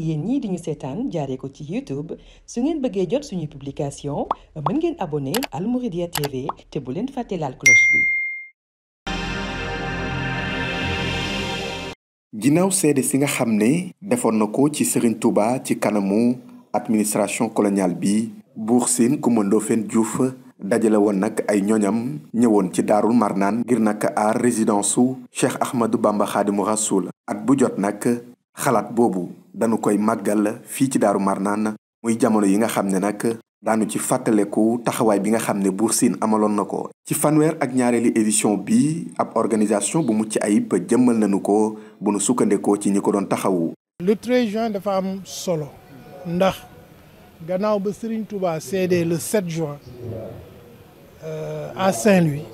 yéen ñii diñu seetaan jaaree ko ci YouTube su jot suñu publication ngeen abonné Al te bu leen fàtte laal cloche bi si nga xam ne defoon na ko ci Serigne Touba ci kanamu administration coloniale bi Buur Sine Coumba Ndoffène Diouf dajale woon nag ay ñooñam ñëwoon ci daarul marnaan ngir nag aar résidence su Cheikh Ahmadou Bamba Khadimou Rassoul at bu jot nag xalaat boobu dañu koy màggal fii ci daaru marnaan muy jamono yi nga xam ne nag daanu ci fàttaleku taxawaay bi nga xam ne Buur Siin amaloon na ko ci fanweer ak ñaareeli édition bi ab organisation bu mucc ayib jëmmal nañu ko bu nu sukkandekoo ci ñi ko doon taxawu le 13 juin dafa am solo ndax gannaaw ba Serigne Touba seede le 7 juin euh, à Saint-Louis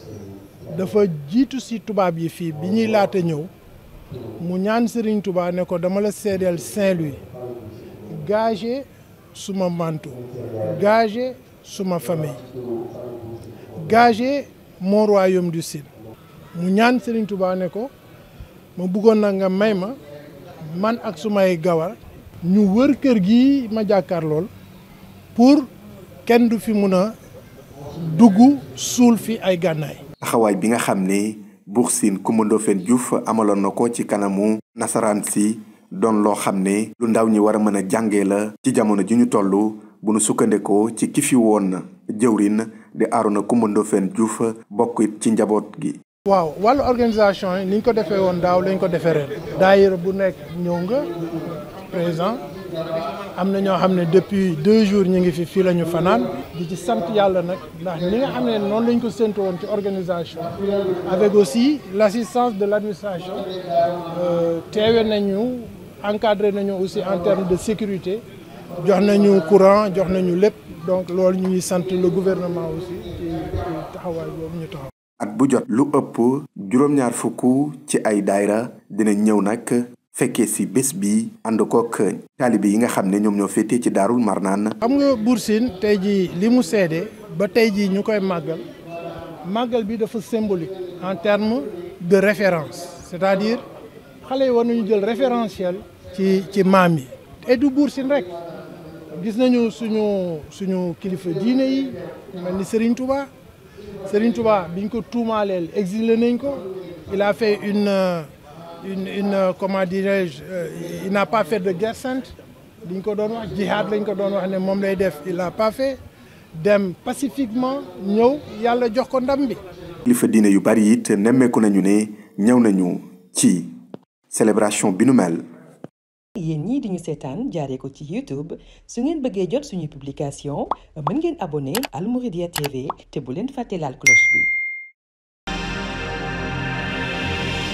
dafa jiitu si tubaab yi fii bi ñuy laate ñëw mu ñaan Serigne Touba ne ko dama la seedeel Saint-Louis gage suma mantu gage suma famille gage mon royaume du Sine mu ñaan Serigne Touba ne ko ma buggoon na nga may ma man ak sumay gawar ñu wër kër gi ma jàkkaar lool pour kenn du fi mun a dugg suul fi ay gànnaay taxawaay bi nga xam ne Buur siin Coumba Ndoffène Diouf amaloon na ko ci kanamu nasaraan si doon loo xam ne lu ndaw ñi war a mën a jàngee la ci jamono ji ñu toll bu nu sukkandikoo ci ki fi woon jëwrin di Arouna Coumba Ndoffène Diouf bokk it ci njaboot gi. waaw wàllu organisation yi ni ko defee woon daaw lañ ko defee ren. daayira bu nekk ñëw nga am na ñoo xam ne depuis deux jours ñu ngi fi fii lañu fanaan di ci sant yàlla nag ndax ni nga xam ne noonu lañ ko séntu woon ci organisation avec aussi l' assistance de l' administration euh, teewe nañu encadré nañu aussi en termes de sécurité jox nañu courant jox nañu lépp donc loolu ñu ngi sant le gouvernement aussi ci taxawaay boobu ñu taxaw. at bu jot lu ëpp juróom-ñaar fukk ci ay daayra dina ñëw nag fekkee si bés bi ànd kook yi nga xam ne ñoom ñoo féetee ci daarul marnaan xam nga Buur Sine tey jii li mu seede ba tey jii ñu koy màggal màggal bi dafa symbolique en terme de référence c'est-à-dire xale yi war nañu jël référentiel ci ci maam yi et du Buur rek gis nañu suñu suñu kilifa diine yi mel ni Serigne Touba Serigne Touba biñ ko tuumaaleel exile nañ ko il a fait une une euh, comment dirais-je euh, il n'a pas fait de guerre sainte li ko doon wax jihad lañ ko doon wax ne moom lay def il n'a pas fait dem pacifiquement ñëw yàlla jox ko ndam bi. kilifa diine yu bari it nemmeeku nañu ne ñëw nañu ci célébration bi nu mel. yéen ñii di ñu seetaan jaaree ko ci YouTube su ngeen bëggee jot suñu publication mën ngeen abonné Al Mouridiyyah TV te bu leen fàtte laal cloche bi.